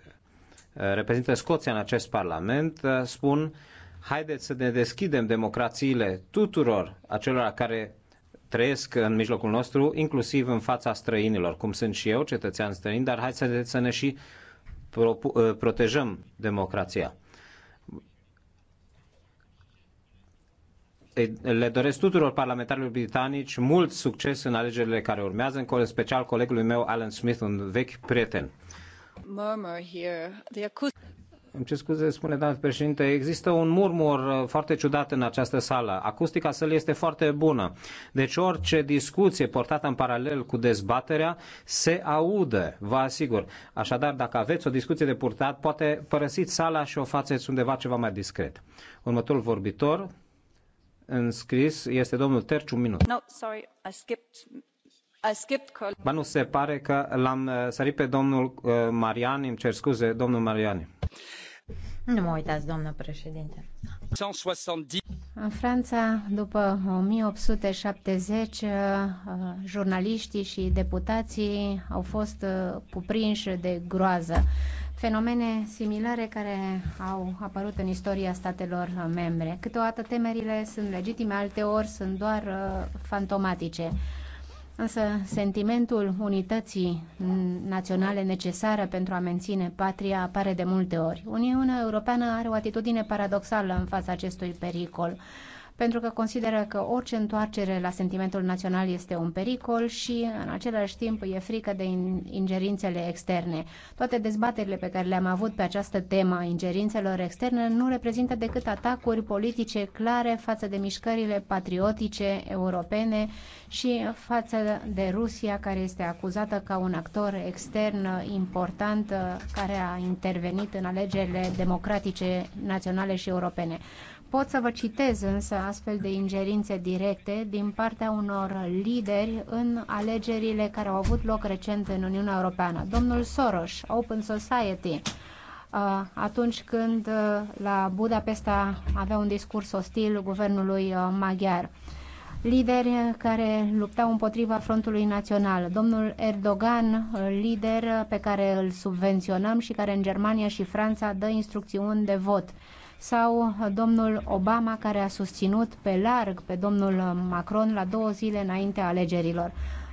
uh, reprezintă Scoția în acest parlament, uh, spun haideți să ne deschidem democrațiile tuturor acelor care trăiesc în mijlocul nostru, inclusiv în fața străinilor, cum sunt și eu, cetățean străin, dar haideți să ne, să ne și uh, protejăm democrația. le doresc tuturor parlamentarilor britanici mult succes în alegerile care urmează, în special colegului meu Alan Smith, un vechi prieten. Îmi cer scuze, spune doamna președinte, există un murmur uh, foarte ciudat în această sală. Acustica sălii este foarte bună. Deci orice discuție portată în paralel cu dezbaterea se aude, vă asigur. Așadar, dacă aveți o discuție de purtat, poate părăsiți sala și o faceți undeva ceva mai discret. Următorul vorbitor, înscris este domnul Terciu Minut. No, sorry, I skipped. ba nu, se pare că l-am uh, sărit pe domnul uh, Mariani, îmi cer scuze, domnul Mariani. Nu mă uitați, doamnă președinte. În Franța, după 1870, uh, jurnaliștii și deputații au fost uh, cuprinși de groază. Fenomene similare care au apărut în istoria statelor uh, membre. Câteodată temerile sunt legitime, alteori sunt doar fantomatice. Însă sentimentul unității naționale necesară pentru a menține patria apare de multe ori. Uniunea Europeană are o atitudine paradoxală în fața acestui pericol pentru că consideră că orice întoarcere la sentimentul național este un pericol și, în același timp, e frică de ingerințele externe. Toate dezbaterile pe care le-am avut pe această temă a ingerințelor externe nu reprezintă decât atacuri politice clare față de mișcările patriotice europene și față de Rusia, care este acuzată ca un actor extern important uh, care a intervenit în alegerile democratice naționale și europene. Pot să vă citez însă astfel de ingerințe directe din partea unor lideri în alegerile care au avut loc recent în Uniunea Europeană. Domnul Soros, Open Society, uh, atunci când uh, la Budapesta avea un discurs ostil guvernului uh, maghiar. Lideri care luptau împotriva frontului național. Domnul Erdogan, lider pe care îl subvenționăm și care în Germania și Franța dă instrucțiuni de vot sau domnul Obama care a susținut pe larg pe domnul Macron la două zile înaintea alegerilor.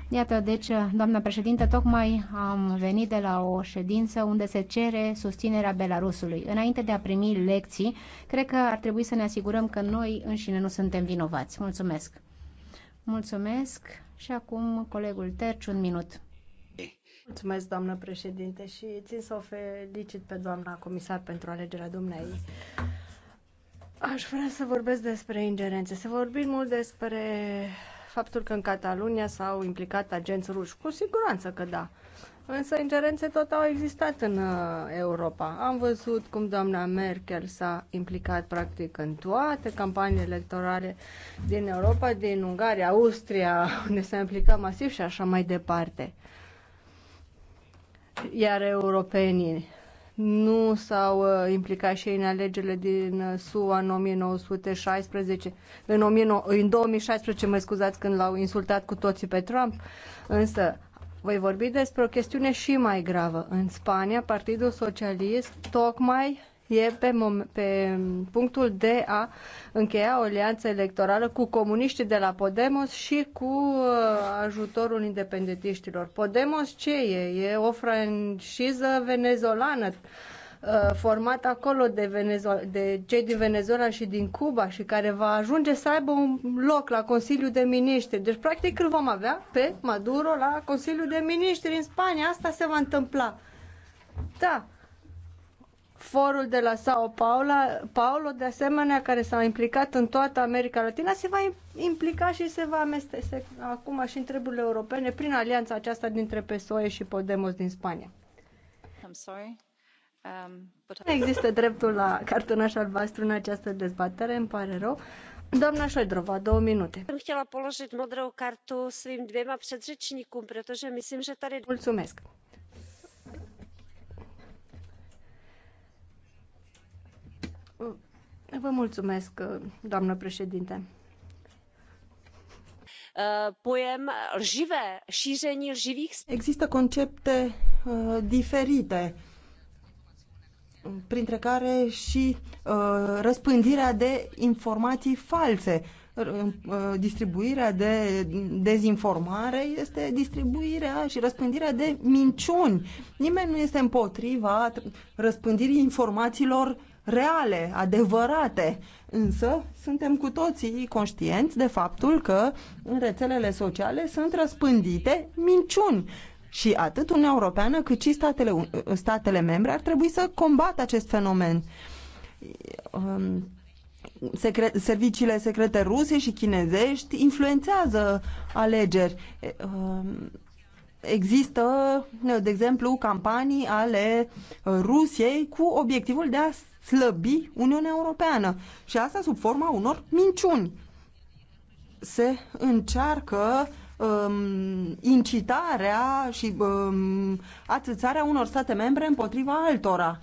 Iată, deci, doamna președinte, tocmai am venit de la o ședință unde se cere susținerea Belarusului. Înainte de a primi lecții, cred că ar trebui să ne asigurăm că noi înșine nu suntem vinovați. Mulțumesc! Mulțumesc și acum colegul Terci, un minut. Mulțumesc, doamnă președinte, și țin să o felicit pe doamna comisar pentru alegerea dumnei. Aș vrea să vorbesc despre ingerențe. Se vorbim mult despre faptul că în Catalunia s-au implicat agenți ruși. Cu siguranță că da. Însă ingerențe tot au existat în uh, Europa. Am văzut cum doamna Merkel s-a implicat practic în toate campaniile electorale din Europa, din Ungaria, Austria, [laughs] unde s-a implicat masiv și așa mai departe iar europenii nu s-au uh, implicat și ei în alegerile din uh, SUA în 1916, în, 19, în 2016, mă scuzați, când l-au insultat cu toții pe Trump, însă voi vorbi despre o chestiune și mai gravă. În Spania, Partidul Socialist tocmai e pe, pe punctul de a încheia o alianță electorală cu comuniștii de la Podemos și cu uh, ajutorul independentiștilor. Podemos ce e? E o franciză venezolană uh, format acolo de, Venezuela, de cei din Venezuela și din Cuba și care va ajunge să aibă un loc la Consiliul de Miniștri. Deci, practic, îl vom avea pe Maduro la Consiliul de Miniștri în Spania. Asta se va întâmpla. Da, Forul de la Sao Paulo, Paulo, de asemenea, care s-a implicat în toată America Latina, se va implica și se va amestece acum și în treburile europene prin alianța aceasta dintre PSOE și Podemos din Spania. I'm sorry. Um, nu există dreptul la cartonaș albastru în această dezbatere, îmi pare rău. Doamna Șoidrova, două minute. Chtěla položit modrou kartu svým dvěma předřečníkům, protože myslím, že tady... Mulțumesc. Vă mulțumesc, doamnă președinte. Poem živé, šíření živých... Există concepte uh, diferite printre care și uh, răspândirea de informații false. Uh, distribuirea de dezinformare este distribuirea și răspândirea de minciuni. Nimeni nu este împotriva răspândirii informațiilor reale, adevărate, însă suntem cu toții conștienți de faptul că în rețelele sociale sunt răspândite minciuni. Și atât Uniunea Europeană cât și statele, statele membre ar trebui să combată acest fenomen. Um, secre- serviciile secrete ruse și chinezești influențează alegeri. Um, există, de exemplu, campanii ale Rusiei cu obiectivul de a slăbi Uniunea Europeană și asta sub forma unor minciuni. Se încearcă um, incitarea și um, atâțarea unor state membre împotriva altora.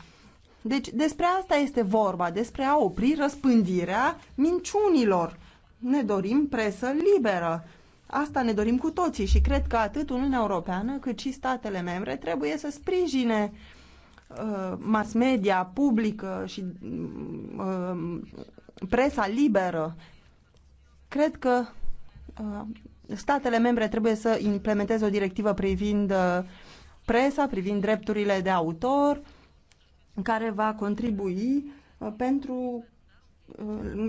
Deci despre asta este vorba, despre a opri răspândirea minciunilor. Ne dorim presă liberă. Asta ne dorim cu toții și cred că atât Uniunea Europeană cât și statele membre trebuie să sprijine uh, Uh, mass media publică și uh, presa liberă. Cred că uh, statele membre trebuie să implementeze o directivă privind presa, privind drepturile de autor, care va contribui pentru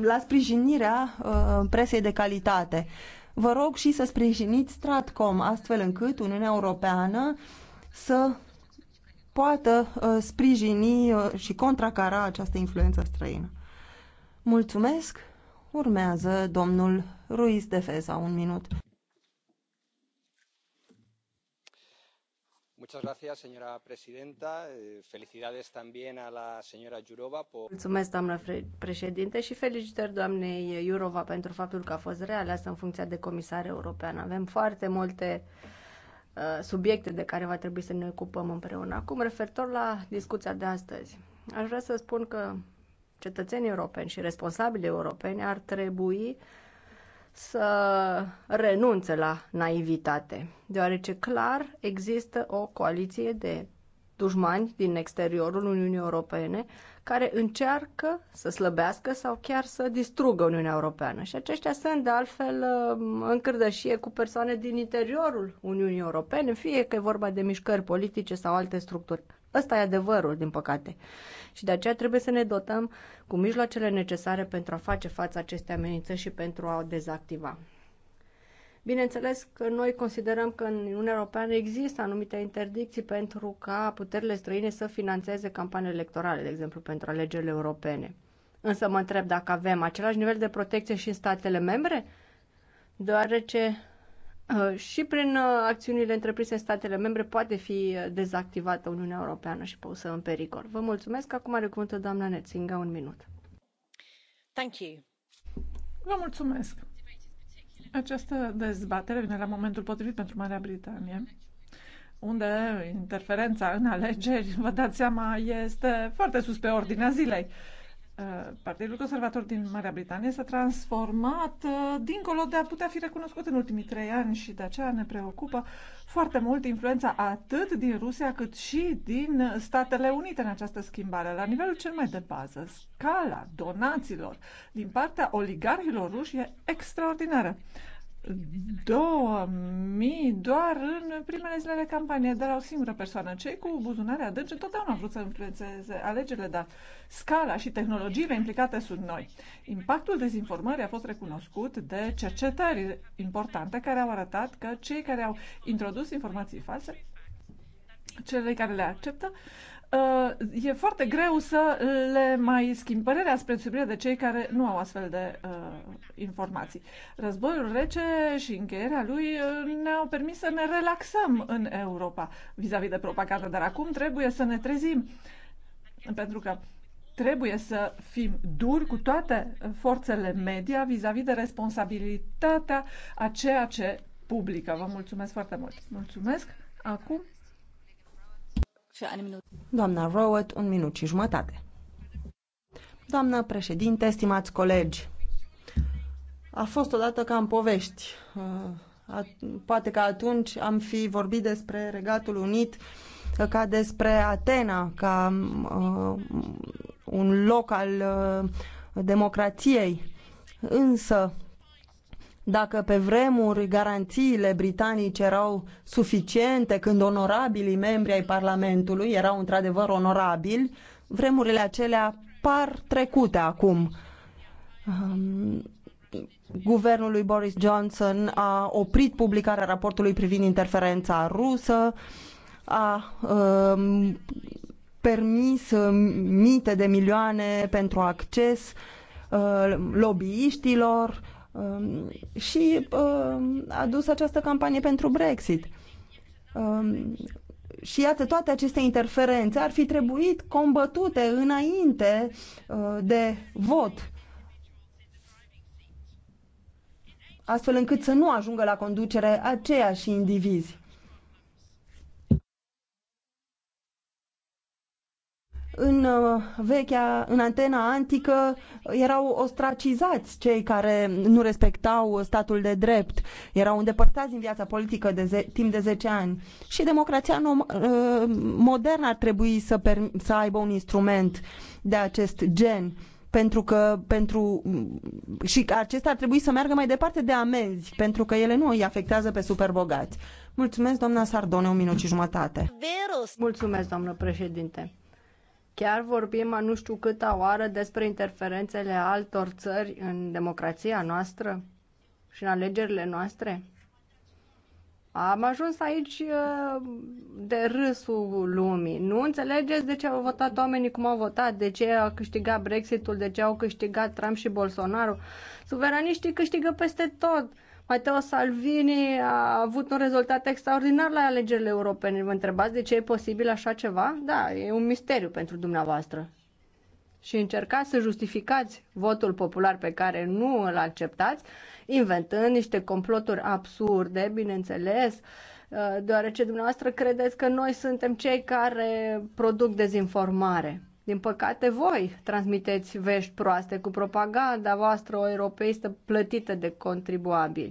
la sprijinirea presei de calitate. Vă rog și să sprijiniți Stratcom, astfel încât Uniunea Europeană să poată uh, sprijini uh, și contracara această influență străină. Mulțumesc. Urmează domnul Ruiz de Feza, un minut. señora presidenta. Eh, felicidades también a la señora Jurova. Por... Mulțumesc, doamnă președinte, și felicitări doamnei Jurova pentru faptul că a fost asta în funcția de comisar european. Avem foarte multe uh, Uh, subiecte de care va trebui să ne ocupăm împreună. Acum, referitor la discuția de astăzi, aș vrea să spun că cetățenii europeni și responsabili europeni ar trebui să renunțe la naivitate, deoarece clar există o coaliție de dușmani din exteriorul Uniunii Europene care încearcă să slăbească sau chiar să distrugă Uniunea Europeană. Și aceștia sunt, de altfel, um, în cârdășie cu persoane din interiorul Uniunii Europene, fie că e vorba de mișcări politice sau alte structuri. Ăsta e adevărul, din păcate. Și de aceea trebuie să ne dotăm cu mijloacele necesare pentru a face față aceste amenințări și pentru a o dezactiva. Bineînțeles că noi considerăm că în Uniunea Europeană există anumite interdicții pentru ca puterile străine să financeze campanii electorale, de exemplu pentru alegerile europene. Însă mă întreb dacă avem același nivel de protecție și în statele membre, deoarece uh, și prin uh, acțiunile întreprinse în statele membre poate fi uh, dezactivată Uniunea Europeană și pusă în pericol. Vă mulțumesc. Acum are cuvântul doamna Neținga, un minut. Thank you. Vă mulțumesc. Această dezbatere vine la momentul potrivit pentru Marea Britanie, unde interferența în alegeri, vă dați seama, este foarte sus pe ordinea zilei. Uh, Partidul Conservator din Marea Britanie s-a transformat uh, dincolo de a putea fi recunoscut în ultimii trei ani și de aceea ne preocupă foarte mult influența atât din Rusia cât și din Statele Unite în această schimbare. La nivelul cel mai de bază, scala donațiilor din partea oligarhilor ruși e extraordinară. 2000 doar în primele zile de campanie, dar o singură persoană. Cei cu buzunare adânci întotdeauna au vrut să influențeze alegerile, dar scala și tehnologiile implicate sunt noi. Impactul dezinformării a fost recunoscut de cercetări importante care au arătat că cei care au introdus informații false cele care le acceptă uh, e foarte greu să le mai schimb părerea spre subire de cei care nu au astfel de uh, informații. Războiul rece și încheierea lui uh, ne-au permis să ne relaxăm în Europa vis-a-vis -vis de propagandă, dar acum trebuie să ne trezim, pentru că trebuie să fim duri cu toate forțele media vis-a-vis -vis de responsabilitatea a ceea ce publică. Vă mulțumesc foarte mult! Mulțumesc! Acum Doamna Rowett, un minut și jumătate. Doamna președinte, stimați colegi, a fost odată ca în povești. Uh, poate că atunci am fi vorbit despre Regatul Unit ca despre Atena, ca uh, un loc al uh, democrației. Însă, dacă pe vremuri garanțiile britanice erau suficiente când onorabilii membri ai Parlamentului erau într-adevăr onorabili, vremurile acelea par trecute acum. Um, guvernul lui Boris Johnson a oprit publicarea raportului privind interferența rusă, a um, permis um, mite de milioane pentru acces uh, lobbyiștilor, Um, și um, a dus această campanie pentru Brexit. Um, și iată, toate aceste interferențe ar fi trebuit combătute înainte uh, de vot, astfel încât să nu ajungă la conducere aceiași indivizi. în uh, vechea, în antena antică, erau ostracizați cei care nu respectau statul de drept, erau îndepărtați din viața politică de ze- timp de 10 ani. Și democrația no- uh, modernă ar trebui să, să aibă un instrument de acest gen pentru că pentru mm, și acesta ar trebui să meargă mai departe de amenzi, pentru că ele nu îi afectează pe superbogați. Mulțumesc, doamna Sardone, un minut și jumătate. Mulțumesc, doamnă președinte. Chiar vorbim a nu știu câta oară despre interferențele altor țări în democrația noastră și în alegerile noastre? Am ajuns aici uh, de râsul lumii. Nu înțelegeți de ce au votat oamenii cum au votat, de ce a câștigat Brexitul, de ce au câștigat Trump și Bolsonaro. Suveraniștii câștigă peste tot. Matteo Salvini a avut un rezultat extraordinar la alegerile europene. Vă întrebați de ce e posibil așa ceva? Da, e un misteriu pentru dumneavoastră. Și încercați să justificați votul popular pe care nu îl acceptați, inventând niște comploturi absurde, bineînțeles, uh, deoarece dumneavoastră credeți că noi suntem cei care produc dezinformare. Din păcate, voi transmiteți vești proaste cu propaganda voastră o europeistă plătită de contribuabili.